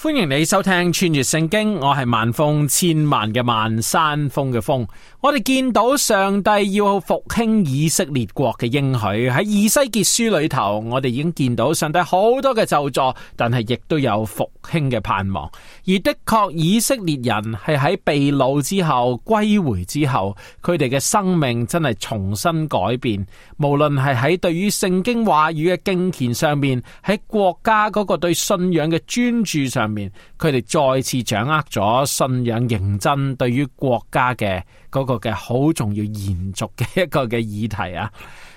歡迎你收聽穿越聖經，我係萬峰，千萬嘅萬，山峰嘅峰。我哋見到上帝要復興以色列國嘅應許喺以西結書裏頭，我哋已經見到上帝好多嘅咒詛，但係亦都有復興嘅盼望。而的確，以色列人係喺被擄之後歸回之後，佢哋嘅生命真係重新改變。無論係喺對於聖經話語嘅敬虔上面，喺國家嗰個對信仰嘅專注上。面佢哋再次掌握咗信仰認真對於國家嘅嗰個嘅好重要延續嘅一個嘅議題啊！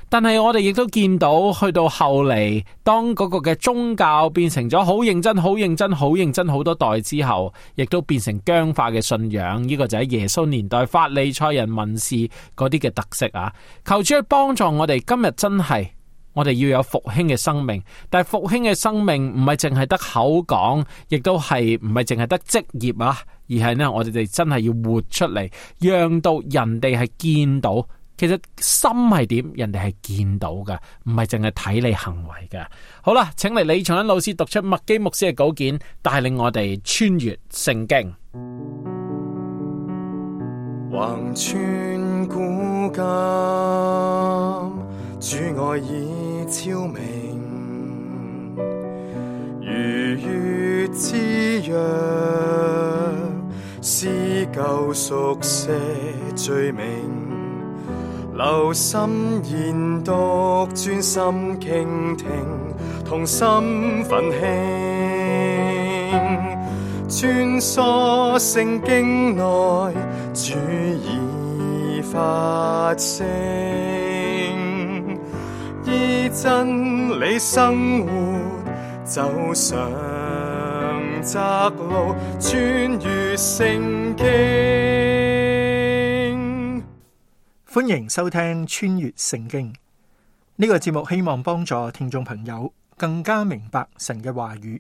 但係我哋亦都見到去到後嚟，當嗰個嘅宗教變成咗好認真、好認真、好認真好多代之後，亦都變成僵化嘅信仰。呢、這個就係耶穌年代法利賽人文士嗰啲嘅特色啊！求主去幫助我哋，今日真係。我哋要有復興嘅生命，但係復興嘅生命唔係淨係得口講，亦都係唔係淨係得職業啊，而係呢，我哋哋真係要活出嚟，讓到人哋係見到，其實心係點，人哋係見到噶，唔係淨係睇你行為噶。好啦，請嚟李長恩老師讀出麥基牧師嘅稿件，帶領我哋穿越聖經。橫穿古今主愛已超明，如月之約，撕舊熟寫罪名，留心研讀，專心傾聽，同心奮興，穿梭聖經內，主已發聲。真理生活，走上窄路，穿越聖經。歡迎收聽《穿越聖經》呢個節目，希望幫助聽眾朋友更加明白神嘅話語，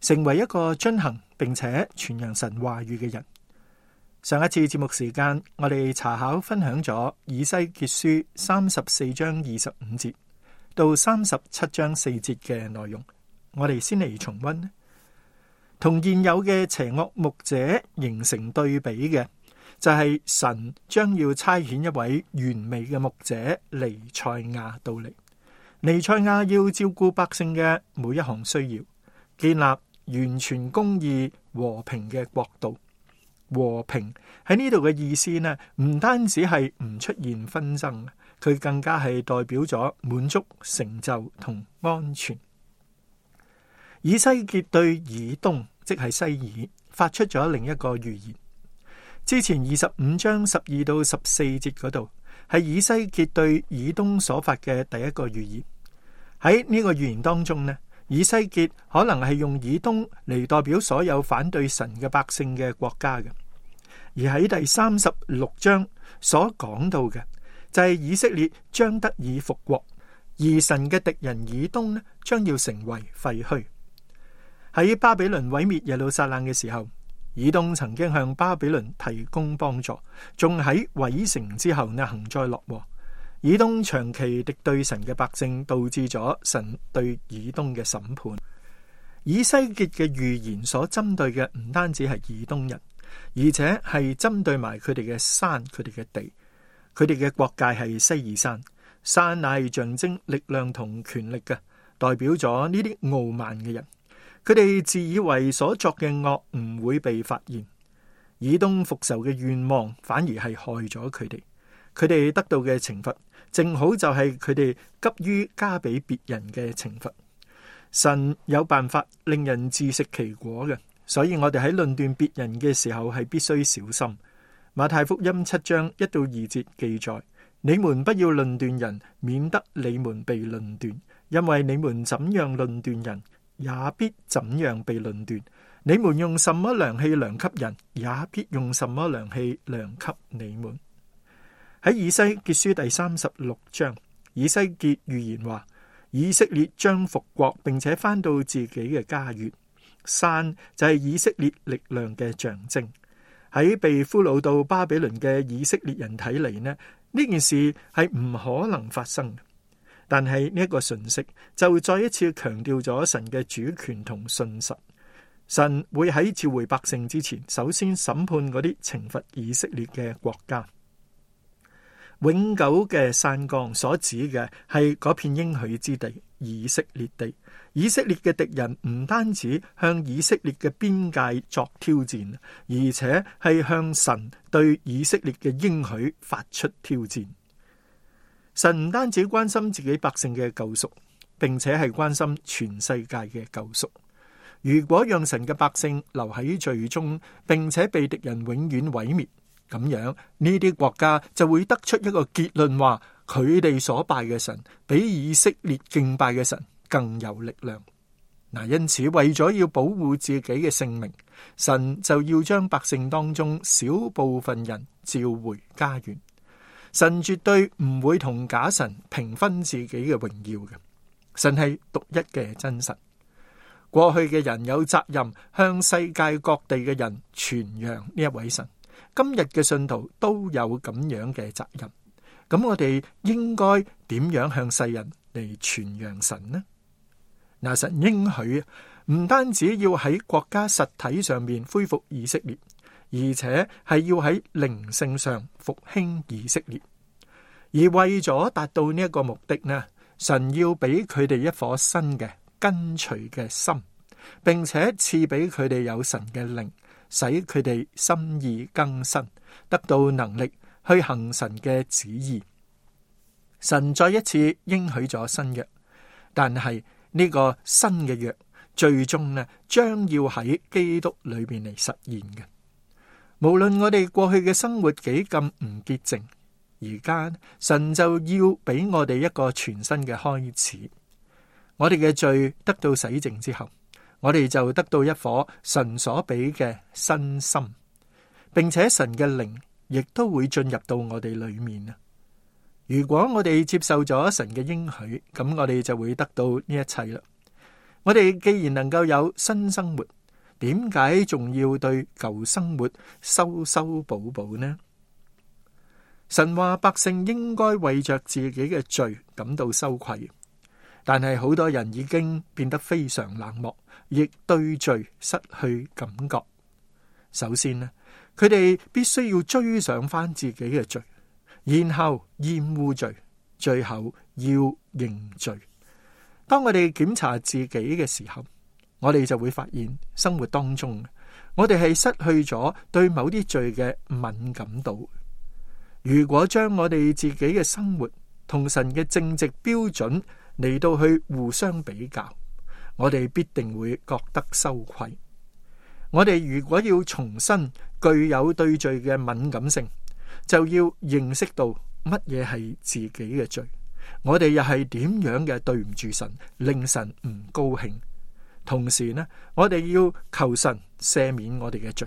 成為一個遵行並且傳揚神話語嘅人。上一次節目時間，我哋查考分享咗以西結書三十四章二十五節。到三十七章四節嘅內容，我哋先嚟重温同現有嘅邪惡牧者形成對比嘅，就係、是、神將要差遣一位完美嘅牧者彌賽亞到嚟。彌賽亞，亞要照顧百姓嘅每一項需要，建立完全公義和平嘅國度。和平喺呢度嘅意思呢，唔單止係唔出現紛爭。佢更加係代表咗滿足、成就同安全。以西結對以東，即係西珥，發出咗另一個預言。之前二十五章十二到十四節嗰度，係以西結對以東所發嘅第一個預言。喺呢個預言當中呢，以西結可能係用以東嚟代表所有反對神嘅百姓嘅國家嘅，而喺第三十六章所講到嘅。就係以色列將得以復國，而神嘅敵人以東呢，將要成為廢墟。喺巴比倫毀滅耶路撒冷嘅時候，以東曾經向巴比倫提供幫助，仲喺毀城之後呢，幸災樂禍。以東長期敵對神嘅百姓，導致咗神對以東嘅審判。以西結嘅預言所針對嘅唔單止係以東人，而且係針對埋佢哋嘅山、佢哋嘅地。佢哋嘅國界係西珥山，山乃象徵力量同權力嘅，代表咗呢啲傲慢嘅人。佢哋自以為所作嘅惡唔會被發現，以東復仇嘅願望反而係害咗佢哋。佢哋得到嘅懲罰，正好就係佢哋急於加俾別人嘅懲罰。神有辦法令人自食其果嘅，所以我哋喺論斷別人嘅時候係必須小心。馬太福音七章一到二節記載：你們不要論斷人，免得你們被論斷。因為你們怎樣論斷人，也必怎樣被論斷。你們用什麼量器量給人，也必用什麼量器量給你們。喺以西結書第三十六章，以西結預言話：以色列將復國，並且翻到自己嘅家園。山就係以色列力量嘅象徵。喺被俘虜到巴比倫嘅以色列人睇嚟，呢，呢件事係唔可能發生。但係呢一個信息就再一次強調咗神嘅主權同信實。神會喺召回百姓之前，首先審判嗰啲懲罰以色列嘅國家。永久嘅山岡所指嘅係嗰片應許之地。以色列地，以色列嘅敵人唔單止向以色列嘅邊界作挑戰，而且係向神對以色列嘅應許發出挑戰。神唔單止關心自己百姓嘅救贖，並且係關心全世界嘅救贖。如果讓神嘅百姓留喺罪中，並且被敵人永遠毀滅，咁樣，呢啲國家就會得出一個結論話。佢哋所拜嘅神比以色列敬拜嘅神更有力量。嗱，因此為咗要保護自己嘅性命，神就要將百姓當中小部分人召回家園。神絕對唔會同假神平分自己嘅榮耀嘅。神係獨一嘅真神。過去嘅人有責任向世界各地嘅人傳揚呢一位神。今日嘅信徒都有咁樣嘅責任。咁我哋應該點樣向世人嚟傳揚神呢？嗱，神應許唔單止要喺國家實體上面恢復以色列，而且係要喺靈性上復興以色列。而為咗達到呢一個目的呢，神要俾佢哋一顆新嘅跟隨嘅心，並且賜俾佢哋有神嘅靈，使佢哋心意更新，得到能力。去行神嘅旨意，神再一次應許咗新約，但係呢個新嘅約最終呢，將要喺基督裏邊嚟實現嘅。無論我哋過去嘅生活幾咁唔潔淨，而家神就要俾我哋一個全新嘅開始。我哋嘅罪得到洗淨之後，我哋就得到一顆神所俾嘅新心，並且神嘅靈。亦都會進入到我哋裏面啊。如果我哋接受咗神嘅應許，咁我哋就會得到呢一切啦。我哋既然能夠有新生活，點解仲要對舊生活修修補補呢？神話百姓應該為着自己嘅罪感到羞愧，但係好多人已經變得非常冷漠，亦對罪失去感覺。首先呢，佢哋必須要追上翻自己嘅罪，然後厭惡罪，最後要認罪。當我哋檢查自己嘅時候，我哋就會發現生活當中，我哋係失去咗對某啲罪嘅敏感度。如果將我哋自己嘅生活同神嘅正直標準嚟到去互相比較，我哋必定會覺得羞愧。我哋如果要重新。具有對罪嘅敏感性，就要認識到乜嘢係自己嘅罪，我哋又係點樣嘅對唔住神，令神唔高興。同時呢，我哋要求神赦免我哋嘅罪，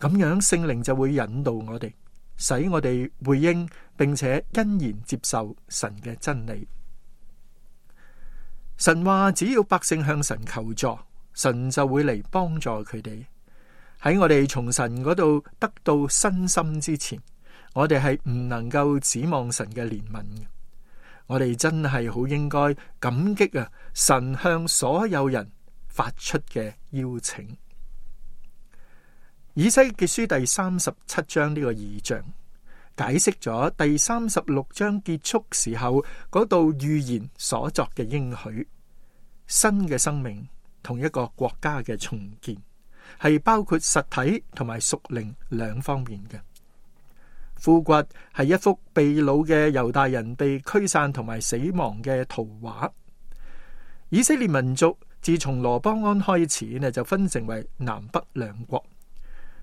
咁樣聖靈就會引導我哋，使我哋回應，並且欣然接受神嘅真理。神話只要百姓向神求助，神就會嚟幫助佢哋。喺我哋從神嗰度得到身心之前，我哋係唔能夠指望神嘅憐憫嘅。我哋真係好應該感激啊！神向所有人發出嘅邀請。以西結書第三十七章呢個異象，解釋咗第三十六章結束時候嗰度預言所作嘅應許，新嘅生命同一個國家嘅重建。係包括實體同埋屬靈兩方面嘅。枯骨係一幅被擄嘅猶大人被驅散同埋死亡嘅圖畫。以色列民族自從羅波安開始呢，就分成為南北兩國。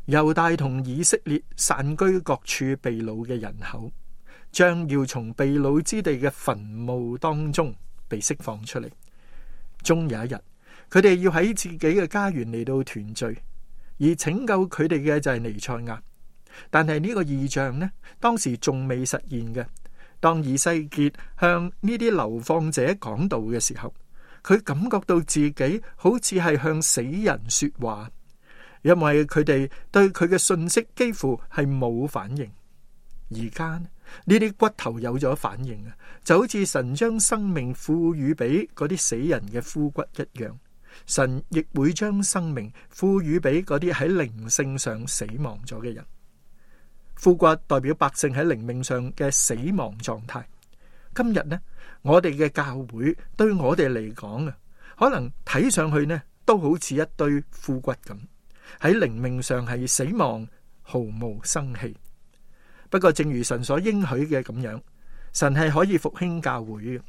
猶大同以色列散居各處被擄嘅人口，將要從被擄之地嘅墳墓當中被釋放出嚟。終有一日。佢哋要喺自己嘅家園嚟到團聚，而拯救佢哋嘅就係彌賽亞。但係呢個異象呢，當時仲未實現嘅。當以西結向呢啲流放者講道嘅時候，佢感覺到自己好似係向死人說話，因為佢哋對佢嘅信息幾乎係冇反應。而家呢啲骨頭有咗反應啊，就好似神將生命賦予俾嗰啲死人嘅枯骨一樣。神亦會將生命賦予俾嗰啲喺靈性上死亡咗嘅人，枯骨代表百姓喺靈命上嘅死亡狀態。今日呢，我哋嘅教會對我哋嚟講啊，可能睇上去呢都好似一堆枯骨咁，喺靈命上係死亡，毫無生氣。不過，正如神所應許嘅咁樣，神係可以復興教會嘅。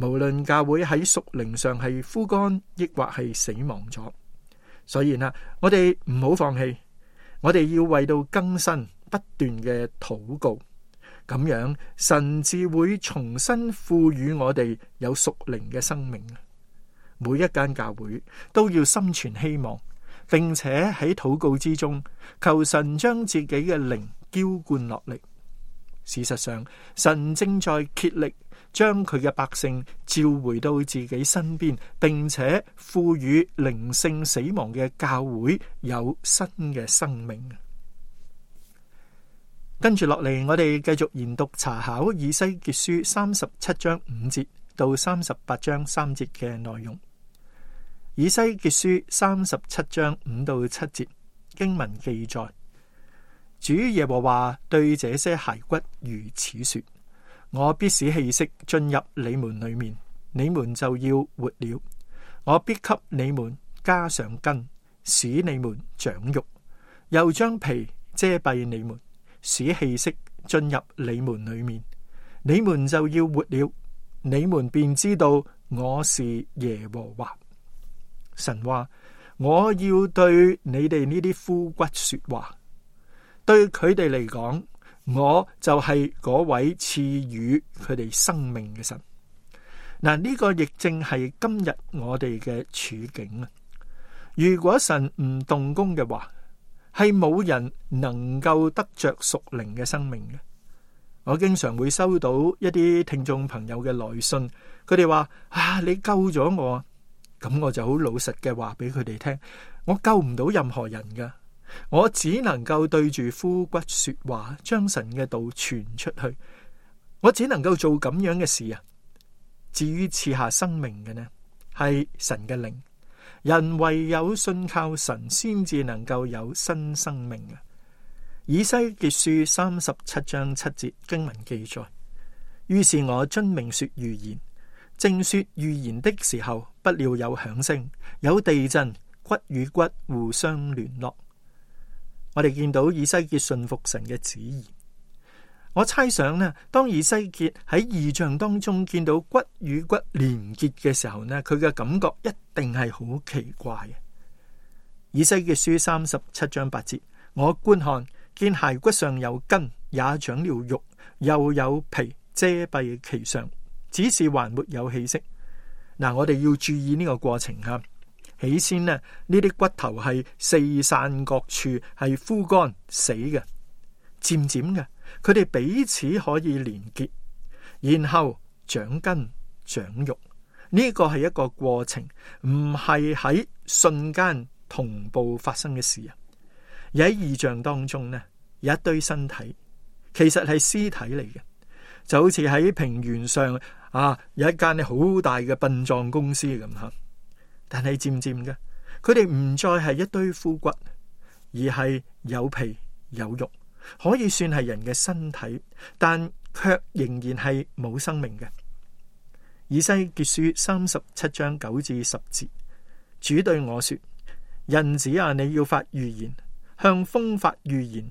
無論教會喺屬靈上係枯乾，抑或係死亡咗，所以呢，我哋唔好放棄，我哋要為到更新不斷嘅禱告，咁樣神至會重新賦予我哋有屬靈嘅生命。每一間教會都要心存希望，並且喺禱告之中求神將自己嘅靈澆灌落嚟。事實上，神正在竭力。將佢嘅百姓召回到自己身邊，並且賦予靈性死亡嘅教會有新嘅生命。跟住落嚟，我哋繼續研讀查考以西結書三十七章五節到三十八章三節嘅內容。以西結書三十七章五到七節經文記載：主耶和華對這些骸骨如此說。我必使氣息進入你們裏面，你們就要活了。我必給你們加上筋，使你們長肉，又將皮遮蔽你們，使氣息進入你們裏面，你們就要活了。你們便知道我是耶和華。神話，我要對你哋呢啲枯骨說話，對佢哋嚟講。我就係嗰位賜予佢哋生命嘅神，嗱，呢個亦正係今日我哋嘅處境啊！如果神唔動工嘅話，係冇人能夠得着屬靈嘅生命嘅。我經常會收到一啲聽眾朋友嘅來信，佢哋話：啊，你救咗我，咁我就好老實嘅話俾佢哋聽，我救唔到任何人㗎。我只能夠對住枯骨說話，將神嘅道傳出去。我只能夠做咁樣嘅事啊。至於賜下生命嘅，呢係神嘅靈。人唯有信靠神，先至能夠有新生命啊。以西結書三十七章七節經文記載：於是我遵命說預言，正說預言的時候，不料有響聲，有地震，骨與骨互相聯絡。我哋見到以西結信服神嘅旨意，我猜想呢，當以西結喺異象當中見到骨與骨連結嘅時候呢，佢嘅感覺一定係好奇怪。以西結書三十七章八節，我觀看，見骸骨上有筋，也長了肉，又有皮遮蔽其上，只是還沒有氣息。嗱，我哋要注意呢個過程啊。起先咧，呢啲骨頭係四散各處，係枯乾死嘅，漸漸嘅，佢哋彼此可以連結，然後長根長肉，呢、這個係一個過程，唔係喺瞬間同步發生嘅事啊！而喺異象當中呢，有一堆身體，其實係屍體嚟嘅，就好似喺平原上啊，有一間好大嘅殯葬公司咁吓。但係漸漸嘅，佢哋唔再係一堆枯骨，而係有皮有肉，可以算係人嘅身體，但卻仍然係冇生命嘅。以西結書三十七章九至十節，主對我說：人子啊，你要發預言，向風發預言，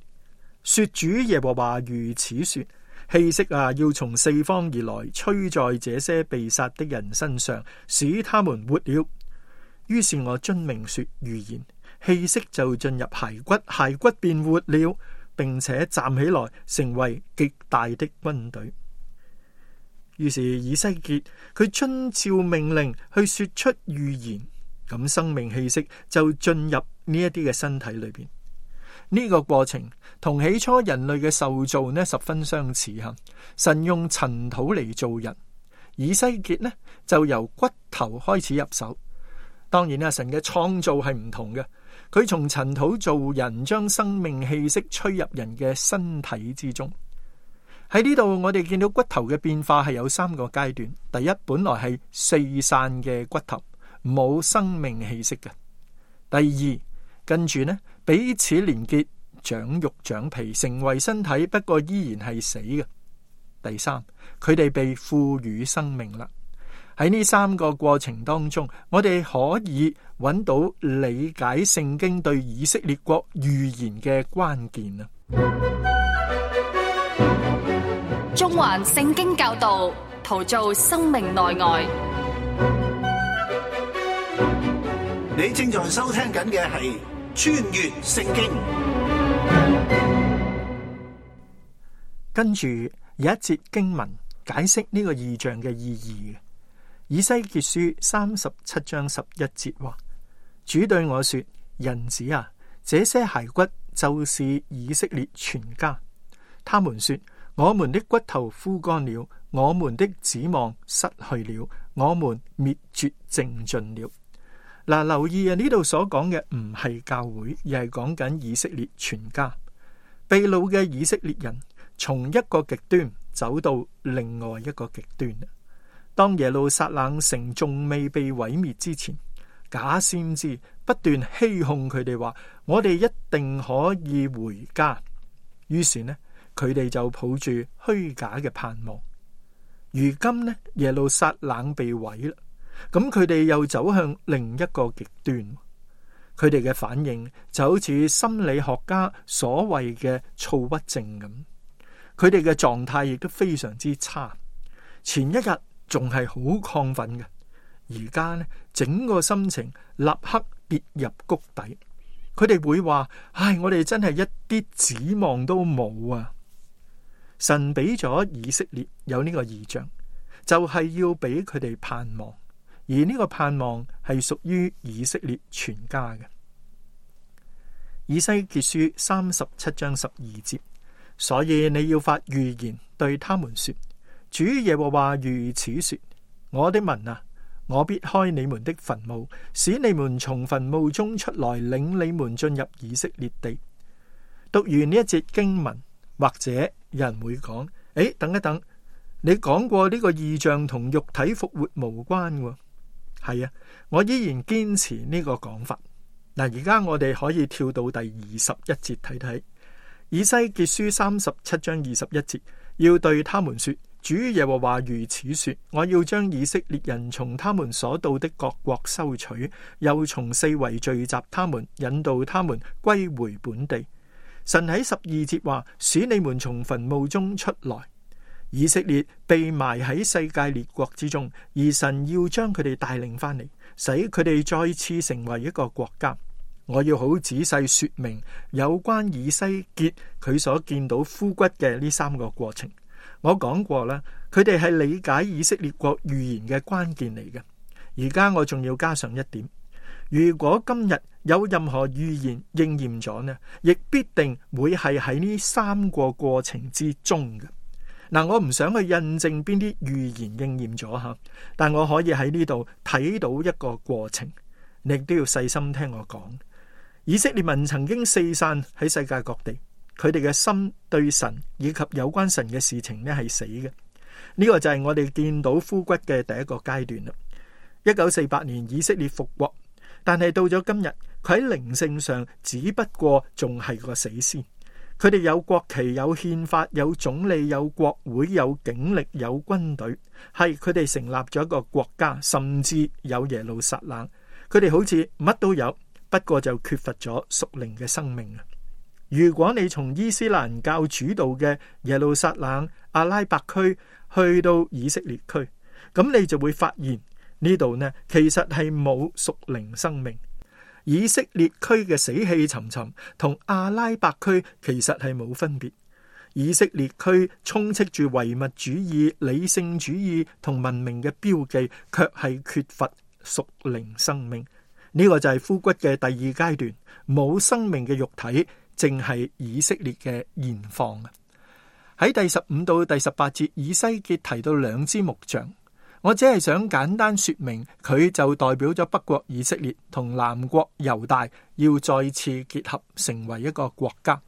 說主耶和華如此說：氣息啊，要從四方而來，吹在這些被殺的人身上，使他們活了。於是我遵命說預言，氣息就進入骸骨，骸骨便活了，並且站起來，成為極大的軍隊。於是以西結佢遵照命令去說出預言，咁生命氣息就進入呢一啲嘅身體裏邊。呢個過程同起初人類嘅受造呢，十分相似吓。神用塵土嚟做人，以西結呢就由骨頭開始入手。當然啊，神嘅創造係唔同嘅。佢從塵土造人，將生命氣息吹入人嘅身體之中。喺呢度，我哋見到骨頭嘅變化係有三個階段。第一，本來係四散嘅骨頭，冇生命氣息嘅。第二，跟住呢，彼此連結，長肉長皮，成為身體，不過依然係死嘅。第三，佢哋被賦予生命啦。喺呢三個過程當中，我哋可以揾到理解聖經對以色列國預言嘅關鍵啊。中環聖經教導，陶造生命內外。你正在收聽緊嘅係穿越聖經，跟住有一節經文解釋呢個異象嘅意義嘅。以西結書三十七章十一節話：主對我說，人子啊，這些骸骨就是以色列全家。他們說：我們的骨頭枯乾了，我們的指望失去了，我們滅絕淨盡了。嗱、啊，留意啊，呢度所講嘅唔係教會，而係講緊以色列全家。被擄嘅以色列人從一個極端走到另外一個極端。當耶路撒冷城仲未被毀滅之前，假先知不斷欺哄佢哋，話我哋一定可以回家。於是呢，佢哋就抱住虛假嘅盼望。如今呢，耶路撒冷被毀啦，咁佢哋又走向另一個極端。佢哋嘅反應就好似心理學家所謂嘅躁鬱症咁，佢哋嘅狀態亦都非常之差。前一日。仲係好亢奮嘅，而家呢整個心情立刻跌入谷底。佢哋會話：唉，我哋真係一啲指望都冇啊！神俾咗以色列有呢個異象，就係要俾佢哋盼望，而呢個盼望係屬於以色列全家嘅。以西結書三十七章十二節，所以你要發預言對他們說。主耶和華如此說：我的民啊，我必開你們的墳墓，使你們從墳墓中出來，領你們進入以色列地。讀完呢一節經文，或者有人會講：誒、欸，等一等，你講過呢個異象同肉體復活無關嘅，係啊，我依然堅持呢個講法。嗱，而家我哋可以跳到第二十一節睇睇《以西結書》三十七章二十一節，要對他們說。主耶和華如此說：我要將以色列人從他們所到的各國收取，又從四圍聚集他們，引導他們歸回本地。神喺十二節話：使你們從墳墓中出來。以色列被埋喺世界列國之中，而神要將佢哋帶領翻嚟，使佢哋再次成為一個國家。我要好仔細說明有關以西結佢所見到枯骨嘅呢三個過程。我講過啦，佢哋係理解以色列國預言嘅關鍵嚟嘅。而家我仲要加上一點：如果今日有任何預言應驗咗呢，亦必定會係喺呢三個過程之中嘅。嗱，我唔想去印證邊啲預言應驗咗吓，但我可以喺呢度睇到一個過程。你都要細心聽我講。以色列民曾經四散喺世界各地。佢哋嘅心對神以及有關神嘅事情咧，係死嘅。呢個就係我哋見到枯骨嘅第一個階段啦。一九四八年以色列復國，但係到咗今日，佢喺靈性上只不過仲係個死屍。佢哋有國旗、有憲法、有總理、有國會、有警力、有軍隊，係佢哋成立咗一個國家，甚至有耶路撒冷。佢哋好似乜都有，不過就缺乏咗屬靈嘅生命啦。如果你從伊斯蘭教主導嘅耶路撒冷阿拉伯區去到以色列區，咁你就會發現呢度呢，其實係冇屬靈生命。以色列區嘅死氣沉沉，同阿拉伯區其實係冇分別。以色列區充斥住唯物主義、理性主義同文明嘅標記，卻係缺乏屬靈生命。呢個就係枯骨嘅第二階段，冇生命嘅肉體。正係以色列嘅現況啊！喺第十五到第十八節，以西結提到兩支木杖。我只係想簡單說明，佢就代表咗北國以色列同南國猶大要再次結合成為一個國家，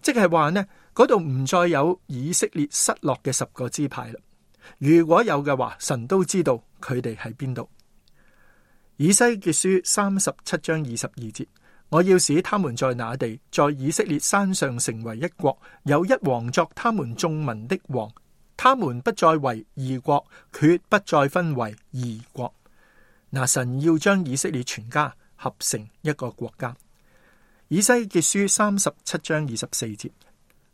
即係話呢，嗰度唔再有以色列失落嘅十個支派啦。如果有嘅話，神都知道佢哋喺邊度。以西結書三十七章二十二節。我要使他們在那地，在以色列山上成為一國，有一王作他們眾民的王，他們不再為二國，決不再分為二國。那神要將以色列全家合成一個國家。以西結書三十七章二十四節：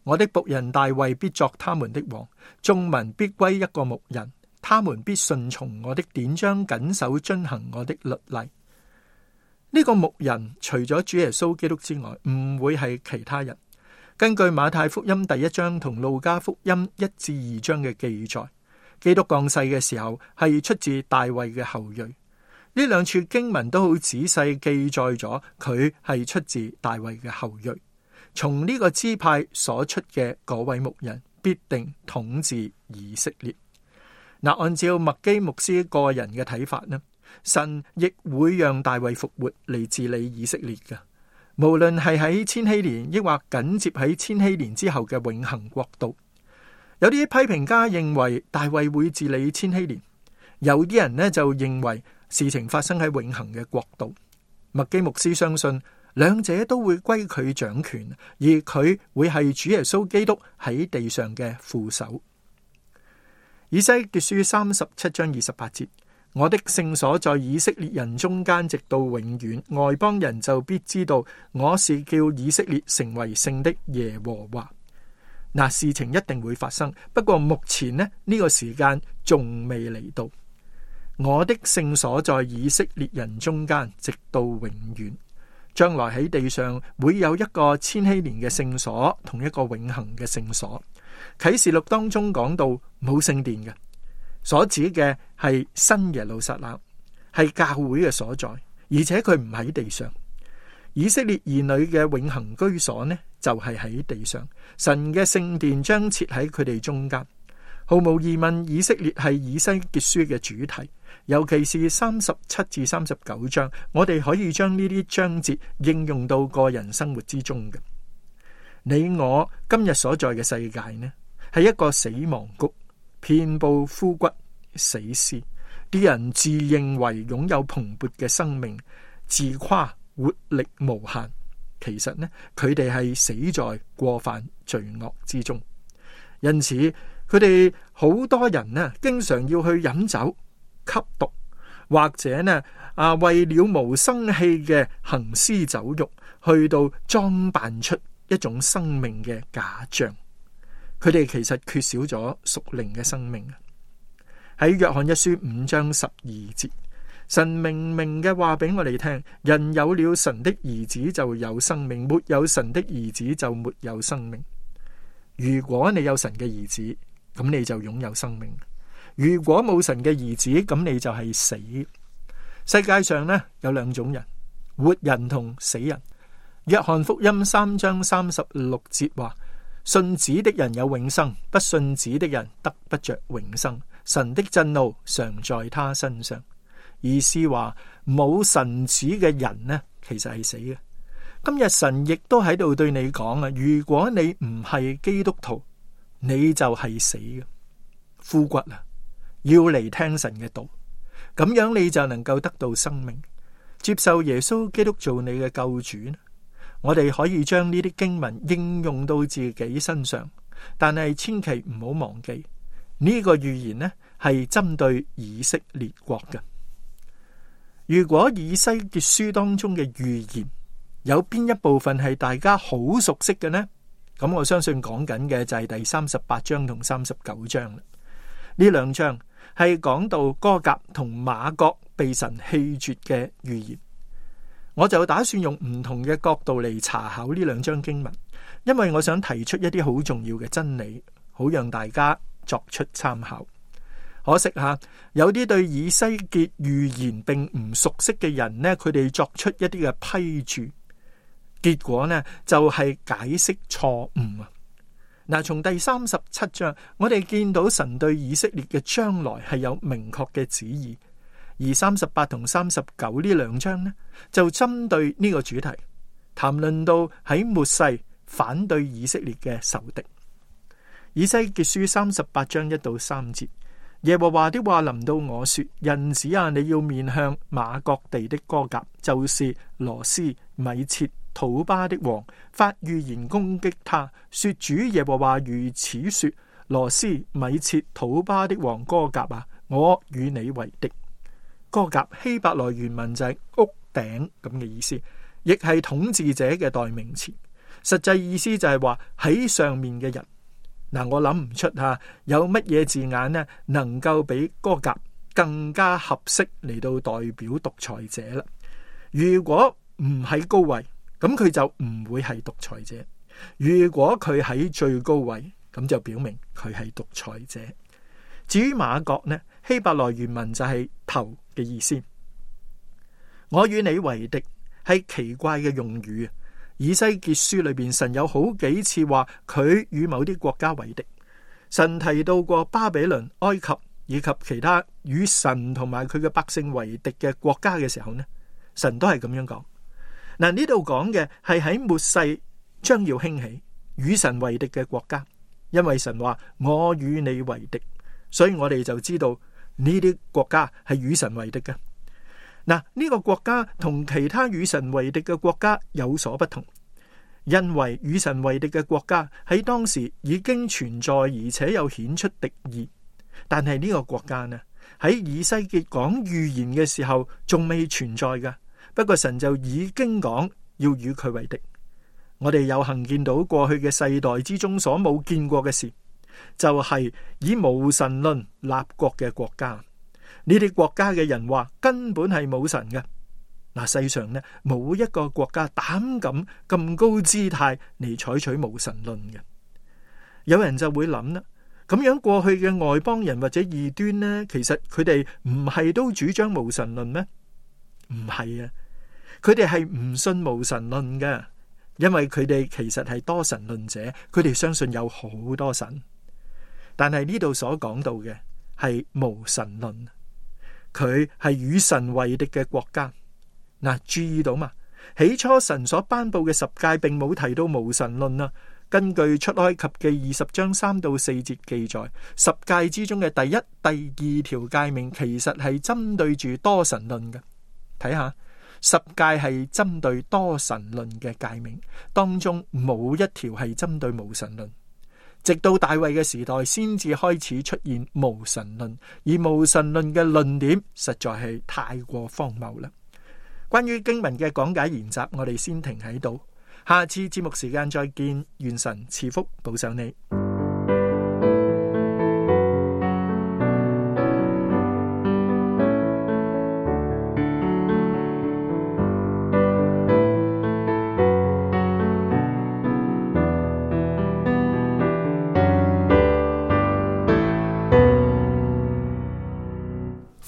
我的僕人大衛必作他們的王，眾民必歸一個牧人，他們必順從我的典章，謹守遵行我的律例。呢個牧人除咗主耶穌基督之外，唔會係其他人。根據馬太福音第一章同路加福音一至二章嘅記載，基督降世嘅時候係出自大衛嘅後裔。呢兩處經文都好仔細記載咗，佢係出自大衛嘅後裔。從呢個支派所出嘅嗰位牧人，必定統治以色列。嗱，按照麥基牧師個人嘅睇法呢？神亦會讓大衛復活嚟治理以色列嘅，無論係喺千禧年，抑或緊接喺千禧年之後嘅永恒國度。有啲批評家認為大衛會治理千禧年，有啲人呢就認為事情發生喺永恒嘅國度。麥基牧師相信兩者都會歸佢掌權，而佢會係主耶穌基督喺地上嘅副手。以西結書三十七章二十八節。我的聖所在以色列人中間，直到永遠，外邦人就必知道我是叫以色列成為聖的耶和華。嗱，事情一定會發生，不過目前呢呢個時間仲未嚟到。我的聖所在以色列人中間，直到永遠。將來喺地上會有一個千禧年嘅聖所，同一個永恒嘅聖所。啟示錄當中講到冇聖殿嘅。所指嘅係新耶路撒冷，係教會嘅所在，而且佢唔喺地上。以色列兒女嘅永恒居所呢，就係喺地上。神嘅聖殿將設喺佢哋中間。毫無疑問，以色列係以西結書嘅主題，尤其是三十七至三十九章，我哋可以將呢啲章節應用到個人生活之中嘅。你我今日所在嘅世界呢，係一個死亡谷。遍佈枯骨死屍，啲人自認為擁有蓬勃嘅生命，自誇活力無限，其實呢，佢哋係死在過犯罪惡之中。因此，佢哋好多人呢、啊，經常要去飲酒、吸毒，或者呢啊，為了無生氣嘅行屍走肉，去到裝扮出一種生命嘅假象。佢哋其實缺少咗屬靈嘅生命。喺約翰一書五章十二節，神明明嘅話俾我哋聽：人有了神的兒子就有生命，沒有神的兒子就沒有生命。如果你有神嘅兒子，咁你就擁有生命；如果冇神嘅兒子，咁你就係死。世界上呢，有兩種人：活人同死人。約翰福音三章三十六節話：信子的人有永生，不信子的人得不着永生。神的震怒常在他身上，意思話冇神子嘅人呢，其實係死嘅。今日神亦都喺度對你講啊，如果你唔係基督徒，你就係死嘅枯骨啊，要嚟聽神嘅道，咁樣你就能夠得到生命，接受耶穌基督做你嘅救主呢？我哋可以將呢啲經文應用到自己身上，但係千祈唔好忘記呢個預言呢係針對以色列國嘅。如果以西結書當中嘅預言有邊一部分係大家好熟悉嘅呢？咁我相信講緊嘅就係第三十八章同三十九章啦。呢兩章係講到哥革同馬各被神棄絕嘅預言。我就打算用唔同嘅角度嚟查考呢兩章經文，因為我想提出一啲好重要嘅真理，好讓大家作出參考。可惜吓，有啲對以西結預言並唔熟悉嘅人呢，佢哋作出一啲嘅批注，結果呢就係解釋錯誤啊！嗱，從第三十七章，我哋見到神對以色列嘅將來係有明確嘅旨意。而三十八同三十九呢兩章呢，就針對呢個主題談論到喺末世反對以色列嘅仇敵。以西結書三十八章一到三節，耶和華的話臨到我說：人子啊，你要面向馬各地的歌革，就是羅斯米設土巴的王發預言攻擊他，說主耶和華如此說：羅斯米設土巴的王歌革啊，我與你為敵。歌革希伯來原文就係屋頂咁嘅意思，亦係統治者嘅代名詞。實際意思就係話喺上面嘅人。嗱，我諗唔出吓有乜嘢字眼呢，能夠比歌革更加合適嚟到代表獨裁者啦。如果唔喺高位，咁佢就唔會係獨裁者；如果佢喺最高位，咁就表明佢係獨裁者。至於瑪各呢？希伯來原文就係頭嘅意思。我與你為敵係奇怪嘅用語。以西結書裏邊，神有好幾次話佢與某啲國家為敵。神提到過巴比倫、埃及以及其他與神同埋佢嘅百姓為敵嘅國家嘅時候呢，神都係咁樣講。嗱，呢度講嘅係喺末世將要興起與神為敵嘅國家，因為神話我與你為敵，所以我哋就知道。呢啲國家係與神為敵嘅。嗱，呢個國家同其他與神為敵嘅國家有所不同，因為與神為敵嘅國家喺當時已經存在，而且有顯出敵意。但係呢個國家呢，喺以西結講預言嘅時候仲未存在噶。不過神就已經講要與佢為敵。我哋有幸見到過去嘅世代之中所冇見過嘅事。就係以無神論立國嘅國家，你哋國家嘅人話根本係冇神嘅。嗱，世上呢冇一個國家膽敢咁高姿態嚟採取無神論嘅。有人就會諗啦，咁樣過去嘅外邦人或者異端呢，其實佢哋唔係都主張無神論咩？唔係啊，佢哋係唔信無神論嘅，因為佢哋其實係多神論者，佢哋相信有好多神。但係呢度所講到嘅係無神論，佢係與神為敵嘅國家。嗱，啊，注意到嘛？起初神所頒布嘅十誡並冇提到無神論啊。根據出埃及記二十章三到四節記載，十誡之中嘅第一、第二條誡命其實係針對住多神論嘅。睇下，十誡係針對多神論嘅誡命，當中冇一條係針對無神論。直到大衛嘅時代，先至開始出現無神論，而無神論嘅論點實在係太過荒謬啦。關於經文嘅講解研習，我哋先停喺度，下次節目時間再見。願神賜福保守你。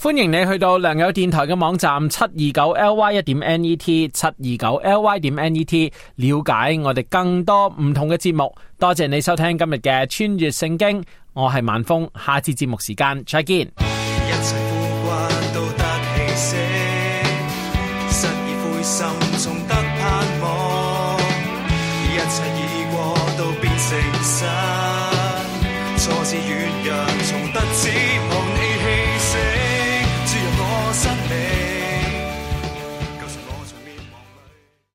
歡迎你去到良友電台嘅網站七二九 L Y 一點 N E T 七二九 L Y 點 N E T 了解我哋更多唔同嘅節目。多謝你收聽今日嘅穿越聖經，我係萬峰，下次節目時間再見。